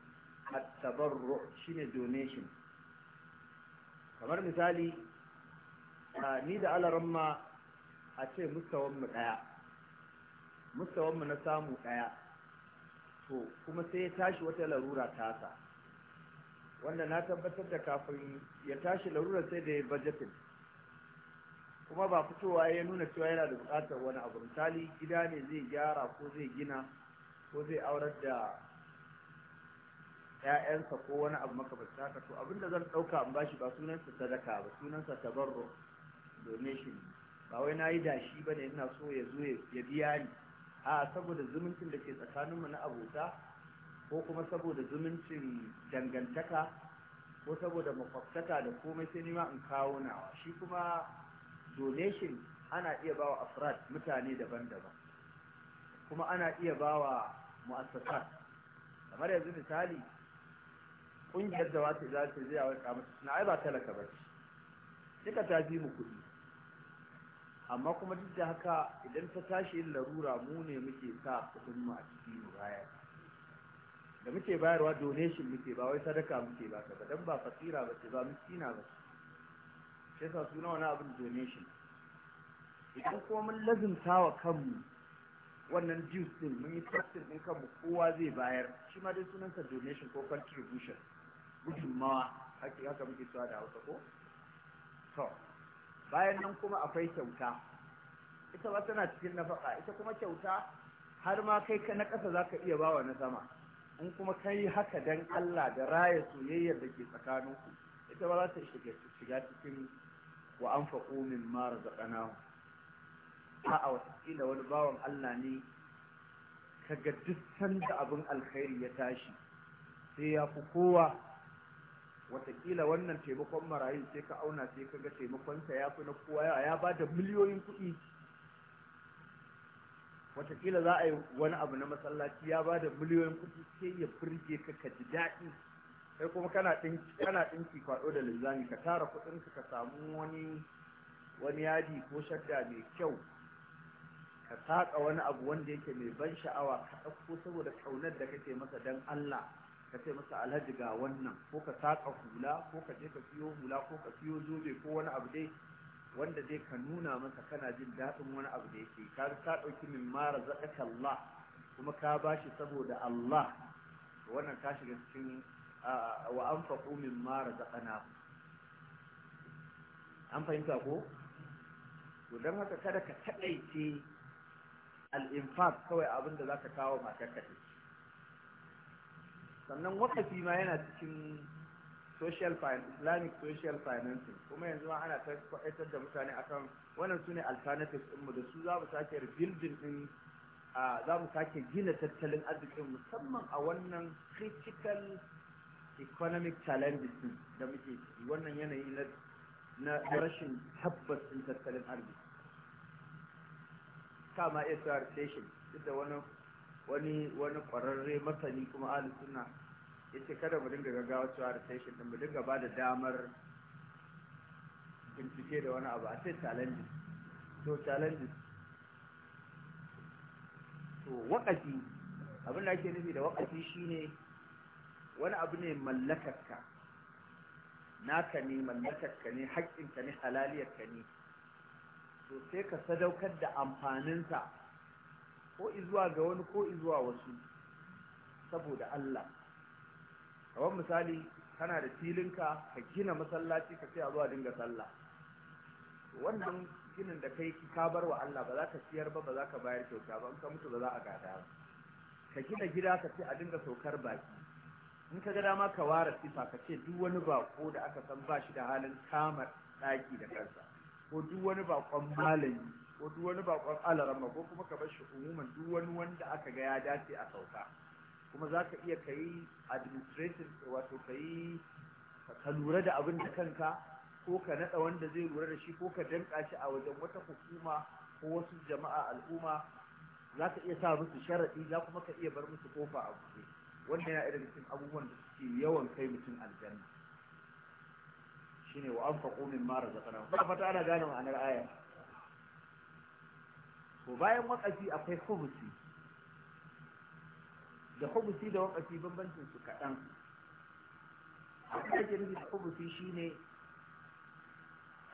at-tabarru shine donation kamar misali ni da alaramma a ce daya mustawan mu na samu daya to kuma sai ya tashi wata larura tasa wanda na tabbatar da kafin ya tashi larura sai da ya bajetin kuma ba fitowa ya nuna cewa yana da bukatar wani abu misali gida ne zai gyara ko zai gina ko zai aurar da ‘ya'yansa ko wani abu makamancin haka to da zan ɗauka in bashi ba sunansa sadaka ba sunansa tabarro donation ba wai na yi dashi ba ne ina so ya zo ya biya ni a saboda zumuncin da ke tsakaninmu na abota ko kuma saboda zumuncin dangantaka ko saboda makwabtaka da komai sai ma in kawo nawa shi kuma donation ana iya bawa afrad mutane daban-daban kuma ana iya bawa mu'assasat kamar yanzu misali ƙungiyar da wata za ta zai wata musu ai ba talaka ba ce ta bi mu kuɗi amma kuma duk da haka idan ta tashi yin larura mu ne muke sa kuɗin mu a ciki mu bayar da muke bayarwa donation muke ba wai sadaka muke ba ka ba dan ba fasira ba ce ba miskina ba ce sai suna wani abin donation idan kuma mun lazimta wa kanmu wannan juice din mun yi practice din kanmu kowa zai bayar shi ma dai sunansa donation ko contribution gudunmawa haka haka muke cewa da hausa ko to bayan nan kuma akwai kyauta ita ba tana cikin nafaka ita kuma kyauta har ma kai ka na ƙasa zaka iya bawa na sama in kuma kai haka dan Allah da raya soyayyar da ke tsakaninku ita ba za ta shiga cikin wa an faƙo min mara zaƙana a watakila wani bawan Allah ne kaga duk sanda abin alkhairi ya tashi sai ya fi kowa watakila wannan taimakon marayun sai ka auna sai ka ga taimakonsa ya fi na kowa yawa ya ba da miliyoyin kuɗi watakila za a yi wani abu na masallaci ya ba da miliyoyin kuɗi sai ya burge ka ka ji daɗi sai kuma kana dinki kana ɗinki kwaɗo da linzami ka tara kuɗin ka samu wani wani yadi ko shadda mai kyau ka taƙa wani abu wanda yake mai ban sha'awa ka dauko saboda kaunar da kake masa dan Allah ka ce masa alhaji ga wannan ko ka saka hula ko ka je ka siyo hula ko ka siyo zobe ko wani abu dai wanda zai ka nuna masa kana jin daɗin wani abu da yake ka ka ɗauki min mara zakaka Allah kuma ka bashi saboda Allah wannan ka shiga cikin wa an faƙo min mara an fahimta ko? to don haka kada ka taɗaice al'infaq kawai abin da za ka kawo matar ka sannan wakafi ma yana cikin social islamic social financing kuma yanzu ma ana kwa'itar da mutane akan wannan su ne alternatives mu da su za mu sake rebuilding ɗin za mu sake gina tattalin arzikin musamman a wannan critical economic challenges din da muke wannan yanayi na rashin tabbas din tattalin arziki kama iya cewa recession duk da wani wani wani kwararre masani kuma ahli sunna yace kada mu dinga gaggawa cewa recession din mu dinga ba da damar bincike da wani abu a ce challenges to challenges to wakati abin da ake nufi da wakati shine wani abu ne mallakarka naka ne mallakarka ne haƙƙinka ne halaliyarka ne to sai ka sadaukar da amfaninsa ko izuwa ga wani ko izuwa wasu saboda Allah kamar misali kana da filinka ka gina masallaci ka sai a zuwa dinga sallah wannan ginin da kai ka bar wa Allah ba za ka siyar ba ba za ka bayar kyauta ba in ka mutu ba za a gada ka gina gida ka ce a dinga saukar baki in ka ga dama ka ware sifa ka ce duk wani bako da aka san ba shi da halin kamar ɗaki da kansa ko duk wani bakon malami ko duk wani bakon alarama ko kuma ka bar shi umuman duk wani wanda aka ga ya dace a sauka kuma za ka iya kayi administrative wato kai ka lura da abin da kanka ko ka naɗa wanda zai lura da shi ko ka danka shi a wajen wata hukuma ko wasu jama'a al'umma za ka iya sa musu sharaɗi za kuma ka iya bar musu kofa a buɗe wanda yana irin cikin abubuwan da suke yawan kai mutum aljanna shine wa anfaqu mimma razaqnahum ba fata ana gane ma'anar aya Ko bayan wakati akwai hubusi da hubusi da wakati bambancin su kaɗan abin da ake nufi da hubusi shine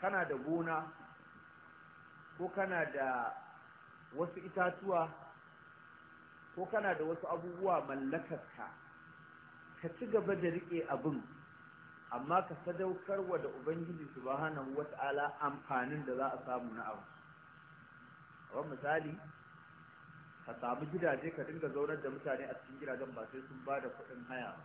kana da gona ko kana da wasu itatuwa ko kana da wasu abubuwa mallakarka ka ci gaba da riƙe abin amma ka sadaukarwa da ubangiji subhanahu wata'ala amfanin da za a samu na abu kamar misali ka samu gidaje ka dinga zaunar da mutane a cikin gidajen ba sai sun ba da kuɗin haya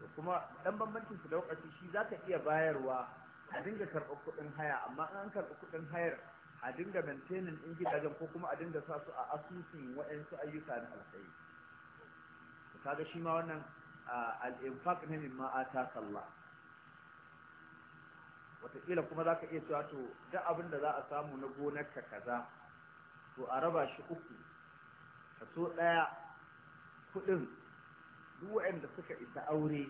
ba kuma ɗan bambancin su da shi za ka iya bayarwa a dinga karɓar kuɗin haya amma an karɓi kuɗin hayar a dinga maintaining din gidajen ko kuma a dinga sa su a asusun waɗansu ayyuka na alkhairi kaga shi ma wannan al-infaq ne ma ata sallah wataƙila kuma za ka iya cewa to duk abin da za a samu na gonar ka kaza to a raba shi uku ka so ɗaya kuɗin duk waɗanda suka isa aure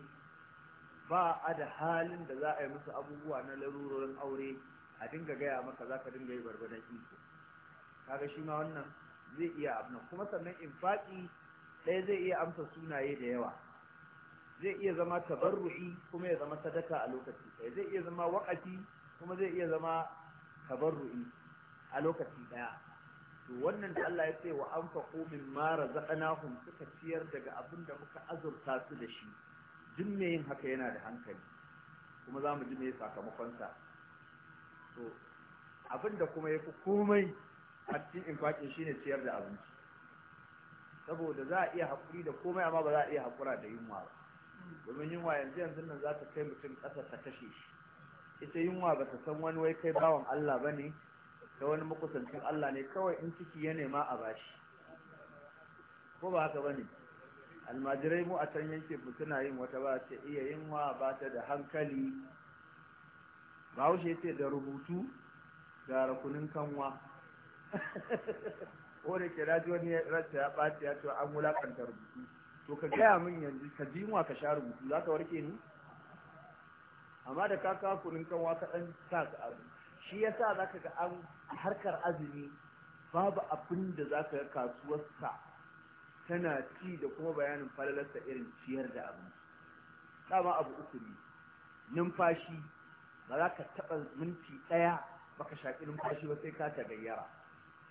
ba a da halin da za a yi musu abubuwa na larurorin aure a dinga gaya maka za ka dinga yi gwargwadon iko kaga shi ma wannan zai iya abna kuma sannan infaki ɗaya zai iya amsa sunaye da yawa zai iya zama tabarru'i kuma ya zama sadaka a lokaci ɗaya zai iya zama waƙafi kuma zai iya zama tabarru'i a lokaci ɗaya to wannan da Allah ya ce wa anfaqu mimma razaqnahum suka ciyar daga abin da muka azurta su da shi duk yin haka yana da hankali kuma za mu ji me sakamakonsa to abin da kuma ya fi komai a cikin infaki shine ciyar da abinci saboda za a iya haƙuri da komai amma ba za a iya haƙura da yunwa ba domin yunwa yanzu yanzu nan za ta kai mutum ƙasa ta kashe shi ita yunwa ba ta san wani wai kai bawan Allah ba ne ta wani makusancin Allah ne kawai in ciki ya nema a bashi ko ba haka ba ne almajirai mu a can yanke mutuna yin wata ba ta iya yunwa ba ta da hankali bahaushe ce da rubutu da rakunin kanwa *laughs* ko da ke raji wani rasta ya ɓaci ya ce an wulaƙanta rubutu to ka gaya min yanzu ka ji wa ka sha rubutu za ka warke ni amma da ka kawo kunin kanwa ka ɗan sa ka abu shi ya sa za ka ga an harkar azumi babu abin da za ka ga kasuwarsa tana ci da kuma bayanin falalarsa irin ciyar da abinci dama abu uku ne numfashi ba za ka taɓa minti ɗaya baka shaƙi numfashi ba sai ka ta gayyara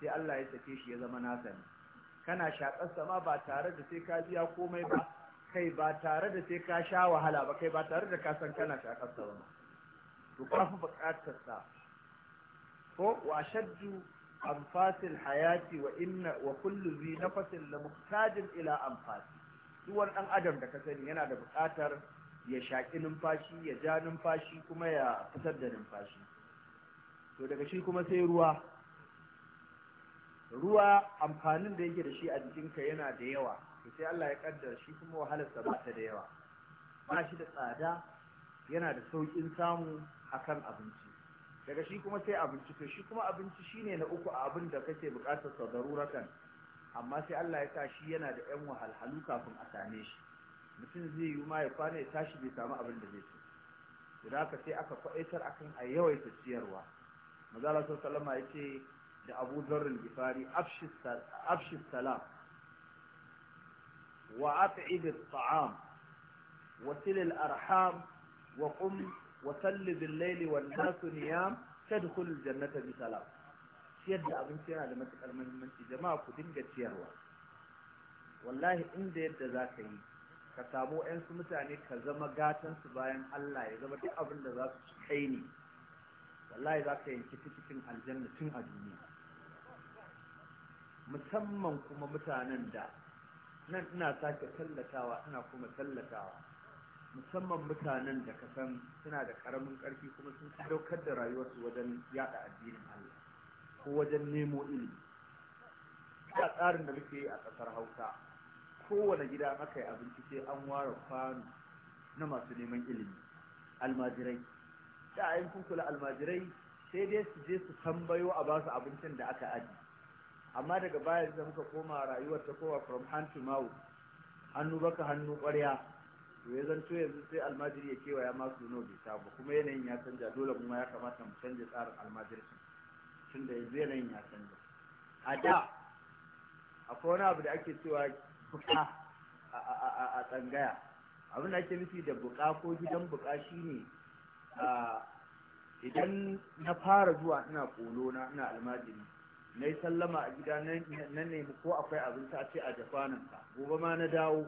sai Allah ya sake shi ya zama nasa ne kana shaƙar sama ba tare da sai ka biya komai ba kai ba tare da sai ka sha wahala ba kai ba tare da ka san kana shaƙar sama ba to ka fi buƙatar sa ko wa shaddu anfasil hayati wa inna wa kullu zi nafasin la muhtajin ila anfasi duk wani adam da ka sani yana da buƙatar ya shaƙi numfashi ya ja numfashi kuma ya fitar da numfashi to daga shi kuma sai ruwa ruwa amfanin da yake da shi a jikinka yana da yawa to sai Allah ya kaddara shi kuma wahalarsa ba ta da yawa ba shi da tsada yana da sauƙin samu akan abinci daga shi kuma sai abinci to shi kuma abinci shine na uku a abin da kake buƙatar sa daruratan amma sai Allah ya sa shi yana da ƴan wahalhalu kafin a same shi mutum zai yi ma ya kwana ya tashi bai samu abin da zai ci da haka sai aka faɗaitar akan a yawaita ciyarwa mazala sun salama ya ce da abu zarrin gifari afshi salam wa at'ib ta'am wa silil arham wa wa salli bil layli wan niyam tadkhul al jannata bi salam ciyar da abinci yana da matuƙar muhimmanci jama'a ku dinga ciyarwa wallahi inda yadda za ka yi ka samu yansu mutane ka zama gatansu bayan Allah ya zama duk abin da za su kai ne wallahi za ka yanki cikin aljanna tun a duniya musamman kuma mutanen da nan ina sake tallatawa ina kuma tallatawa musamman mutanen da ka san suna da karamin karfi kuma sun daukar da rayuwarsu wajen yada addinin Allah ko wajen nemo ilimi ga tsarin da muke yi a ƙasar Hausa kowane gida aka yi abinci sai an ware kwano na masu neman ilimi almajirai da ayin kula almajirai sai dai su je su tambayo a basu abincin da aka aji amma daga baya da muka koma rayuwar ta kowa from hand to mouth hannu baka hannu ƙwarya to ya zanto yanzu sai almajiri ya kewaya masu no bai samu kuma yanayin ya canja dole kuma ya kamata mu canja tsarin almajirci tunda yanzu yanayin ya canja a da akwai wani abu da ake cewa buka a tsangaya abin da ake nufi da buka ko gidan buka shine idan na fara zuwa ina kolo na ina almajiri na yi sallama a gida na nemi ko akwai abin ta ce a jafanin ka gobe ma na dawo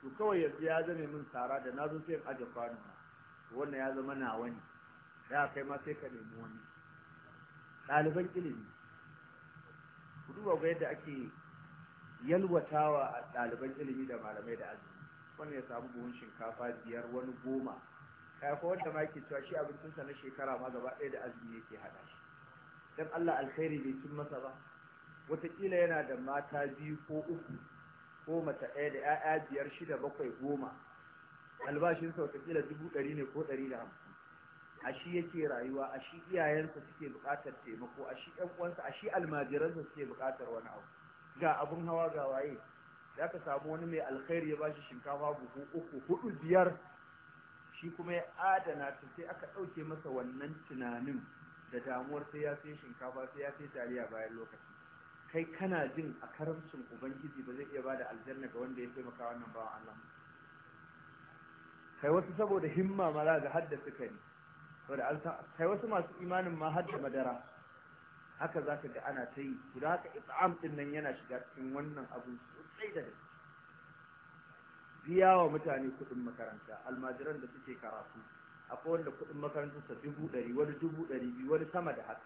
to kawai yanzu ya zame min tsara da na zo sai a jafanin ka wannan ya zama nawa wani. ya kai ma sai ka nemi wani ɗaliban ilimi ku duba ga yadda ake yalwatawa a ɗaliban ilimi da malamai da azumi wani ya samu buhun shinkafa biyar wani goma kafa wanda ma yake cewa shi abincinsa na shekara ma gaba ɗaya da azumi yake haɗa shi dan Allah alkhairi bai cin masa ba wataƙila yana da mata biyu ko uku ko mata ɗaya da 'ya'ya biyar shida bakwai goma albashinsa wataƙila dubu ɗari ne ko ɗari da hamsin a shi yake rayuwa a shi iyayensa suke buƙatar taimako a shi ƴan uwansa a shi almajiransa suke buƙatar wani abu ga abun hawa ga waye za ka samu wani mai alkhairi ya ba shi shinkafa buhu uku hudu biyar shi kuma ya adana ta sai aka ɗauke masa wannan tunanin da damuwar sai ya sai shinkafa sai ya sai taliya bayan lokaci kai kana jin a karamcin ubangiji ba zai iya ba da aljanna ga wanda ya taimaka wannan bawan Allah kai wasu saboda himma ma ga hadda suka yi kai wasu masu imanin ma hadda madara haka za ka ga ana ta yi guda haka it'am ɗin nan yana shiga cikin wannan abun sosai da gaske biya wa mutane kuɗin makaranta almajiran da suke karatu akwai wanda kuɗin makarantarsa dubu ɗari wani dubu ɗari biyu wani sama da haka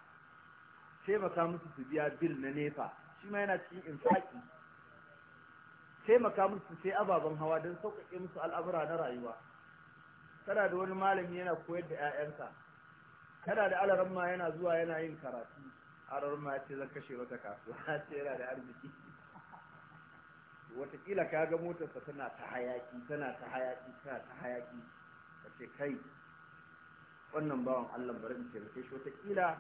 taimaka musu su biya bil na nefa shi ma yana cikin infaki taimaka musu sai ababen hawa don sauƙaƙe musu al'amura na rayuwa Tana da wani malami yana koyar da 'ya'yansa Tana da alaramma yana zuwa yana yin karatu Harar ma ce zan kashe wata kasuwa ce *laughs* yana da arziki watakila ka ga motarsa tana ta hayaki tana ta hayaki tana ta hayaki ka ce kai wannan bawan allah bari in taimake shi watakila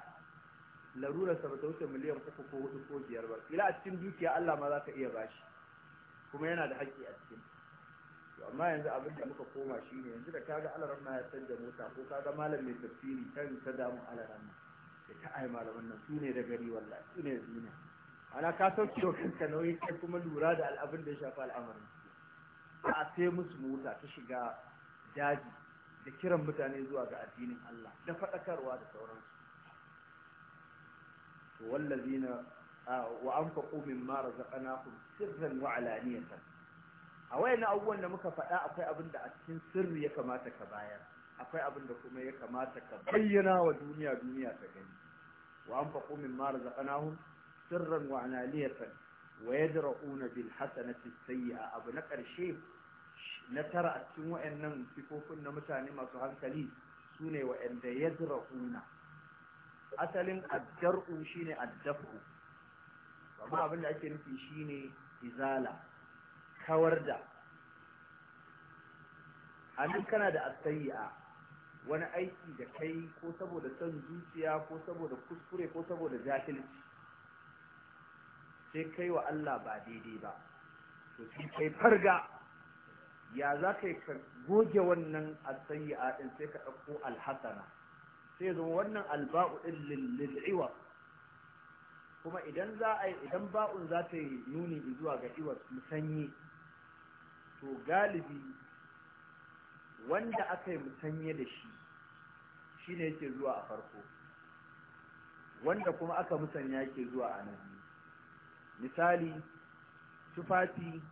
larurarsa ba ta wuce miliyan uku ko hudu ko biyar ba kila a cikin dukiya allah ma za ka iya bashi kuma yana da haƙƙi a cikin to amma yanzu abin da muka koma shine yanzu da kaga alaran ma ya canja mota ko kaga malam mai tafsiri kan ta damu alaran ma da ta ai malaman nan su ne da gari wallahi su ne zina. ana ka sauke wa kanka nauyi kai kuma lura da al'abin da ya shafi al'amarin a sai musu mota ta shiga daji da kiran mutane zuwa ga addinin Allah da faɗakarwa da sauransu to wallazina wa anfaqu mimma razaqnakum sirran wa alaniyatan a wayannan abubuwan da muka faɗa akwai abin da a cikin sirri ya kamata ka bayar akwai abin da kuma ya kamata ka bayyana wa duniya duniya ta gani wa an faƙo min mara zaƙanahun sirran wa analiyatan wa ya jira'una bil hasanati sayyi'a abu na ƙarshe na tara a cikin wa'annan sifofin na mutane masu hankali sune ne wa'anda ya jira'una asalin addar'u shine addafu amma abin da ake nufi shine izala kawar da amin kana da asayi'a wani aiki da kai ko saboda son zuciya ko saboda kuskure ko saboda jahilci sai kai wa Allah ba daidai ba to sai kai farga ya za ka yi ka goge wannan asayi a ɗin sai ka ɗauko alhasana sai zama wannan alba'u ɗin lil'iwa kuma idan za a yi idan ba'un za ta yi nuni zuwa ga iwa musanyi to galibi wanda aka yi musanye da shi shi ne yake zuwa a farko wanda kuma aka musanya yake zuwa a nan misali tufafi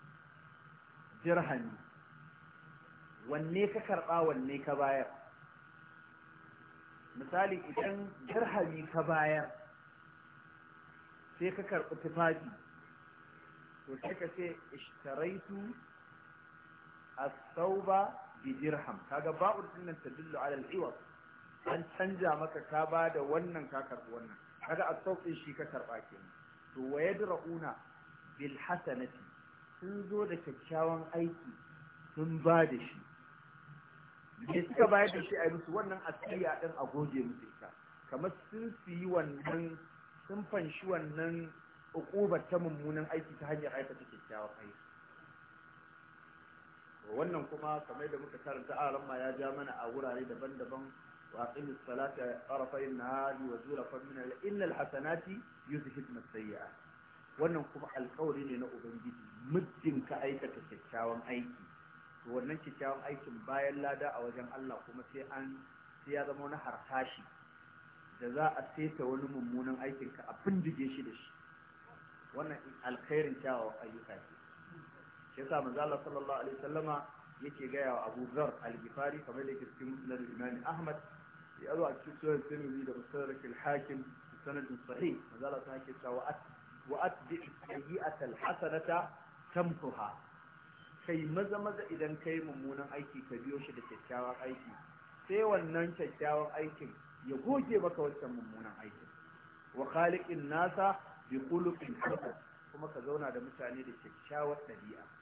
jirhani wanne ka karɓa wanne ka bayar misali idan jirhani ka bayar sai ka karɓi tufafi to sai ka ce ishtaraitu as-sauba bi dirham kaga ba'ur dinnan tadullu ala al-iwad an canja maka ka ba da wannan ka karbi wannan kaga at shi ka karba kenan to wayadrauna bil hasanati sun zo da kyakkyawan aiki sun ba da shi da suka bayar da shi a musu wannan asiriya din a goge musu ita kamar sun yi wannan sun fanshi wannan ukubar ta mummunan aiki ta hanyar aikata kyakkyawan aiki wannan kuma kamar da muka karanta a ramma ya ja mana a wurare daban-daban wa aqimis salata tarafayn nahari wa zulafan min al-inna al-hasanati yuzhibna sayyi'at wannan kuma alƙawari ne na ubangiji muddin ka aikata kyakkyawan aiki to wannan kyakkyawan aikin bayan lada a wajen Allah kuma sai an sai ya zama wani harkashi da za a saita wani mummunan aikinka a bindige shi da shi wannan alkhairin kyawawan ayyuka yasa manzo Allah sallallahu alaihi wasallama yake gaya wa Abu Zar al kamar da yake cikin Musnad Imam Ahmad ya zo a cikin Sunan Tirmidhi da Musnad al-Hakim sanadin sahih manzo ta yake cewa at wa atbi sayyi'ata al-hasanata tamkuha kai maza maza idan kai mummunan aiki ka biyo shi da kyakkyawan aiki sai wannan kyakkyawan aikin ya goge maka wancan mummunan aikin wa khaliqin nasa bi khuluqin kuma ka zauna da mutane da kyakkyawar ɗabi'a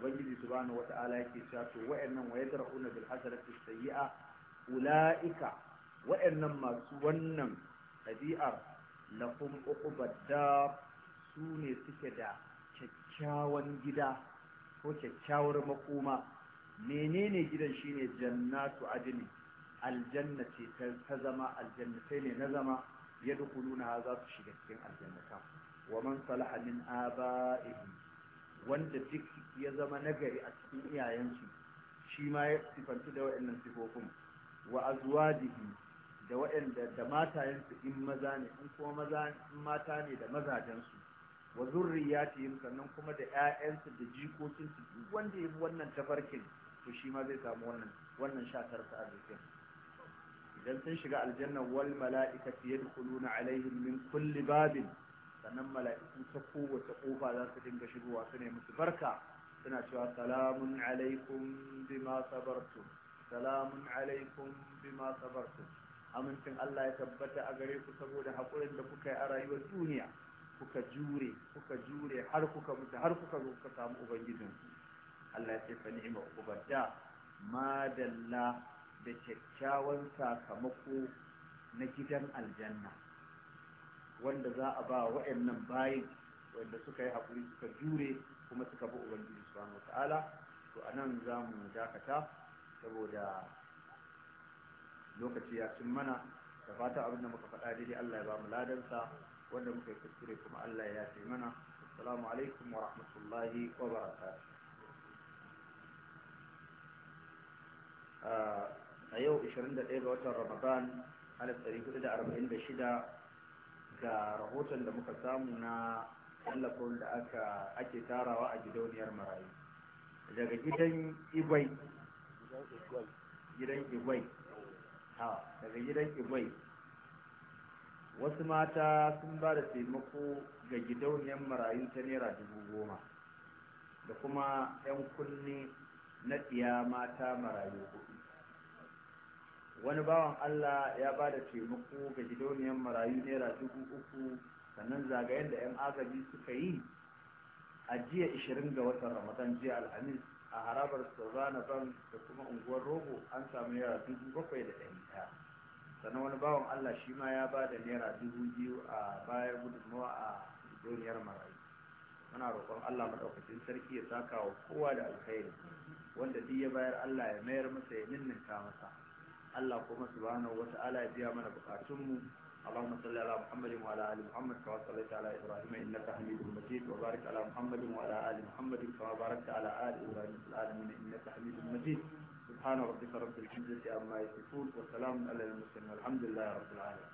ubangiji subhanahu wata'ala yake cewa to wa'annan wa yadra'una bil hasanati sayyi'a ulaika wa'annan masu wannan tabi'ar lahum uqbad sune su ne suke da kyakkyawan gida ko kyakkyawar makoma menene gidan shine jannatu adni aljanna ta zama aljannatai ne na zama kuluna za su shiga cikin aljannata wa man salaha min aba'ihim wanda duk ya zama nagari a cikin iyayensu shi ma ya sifantu da waɗannan sifofin wa azwajihi da waɗanda da matayensu in maza ne in kuma maza in mata ne da mazajensu wa zurriyatihim sannan kuma da ƴaƴansu da jikokinsu duk wanda ya bi wannan tafarkin to shi ma zai samu wannan wannan shatar ta arzikin idan sun shiga aljanna wal mala'ikati yadkhuluna alaihim min kulli babin sannan mala'iku ta kowace kofa za su dinga shigowa su ne musu barka suna cewa salamun alaikum bima sabartum salamun alaikum bima sabartum amincin Allah ya tabbata a gare ku saboda haƙurin da kuka yi a rayuwar duniya kuka jure kuka jure har kuka mutu har kuka zo kuka samu ubangijin Allah ya ce fa ni'ma ubadda ma da kyakkyawan sakamako na gidan aljanna wanda za a ba wa'annan bayi wanda suka yi haƙuri suka jure kuma suka bi ubangiji subhanahu wataala to anan za mu dakata saboda lokaci ya cin mana da fata abin da muka faɗa daidai Allah ya ba mu ladansa wanda muka yi kuskure kuma Allah ya ce mana assalamu alaikum wa rahmatullahi wa barakatuh a yau 21 ga watan ramadan 1446 da rahoton da muka samu na tallafin da aka ake tarawa a gidauniyar marayu daga gidan igwai gidan igwai ha daga gidan igwai wasu mata sun ba da taimako ga gidauniyar marayu ta naira dubu goma da kuma 'yan kunne na tsiya mata marayu hudu wani bawan Allah ya ba da taimako ga gidauniyar marayu naira dubu uku sannan zagayen da 'yan agaji suka yi a jiya 20 ga watan ramadan jiya alhamis a harabar sauzana bank da kuma unguwar rogo an samu naira dubu bakwai da ɗari ɗaya sannan wani bawan Allah shi ma ya ba da naira dubu biyu a bayan gudunmawa a gidauniyar marayu muna roƙon Allah maɗaukacin sarki ya saka wa kowa da alkhairi wanda duk ya bayar Allah ya mayar masa ya ninninka masa Allah kuma subhanahu wata'ala ya biya mana bukatunmu اللهم صل على محمد وعلى ال محمد كما صليت على ابراهيم انك حميد مجيد وبارك على محمد وعلى ال محمد كما باركت على ال ابراهيم في العالمين انك حميد مجيد سبحان ربك رب العزه عما يصفون وسلام على المرسلين والحمد لله رب العالمين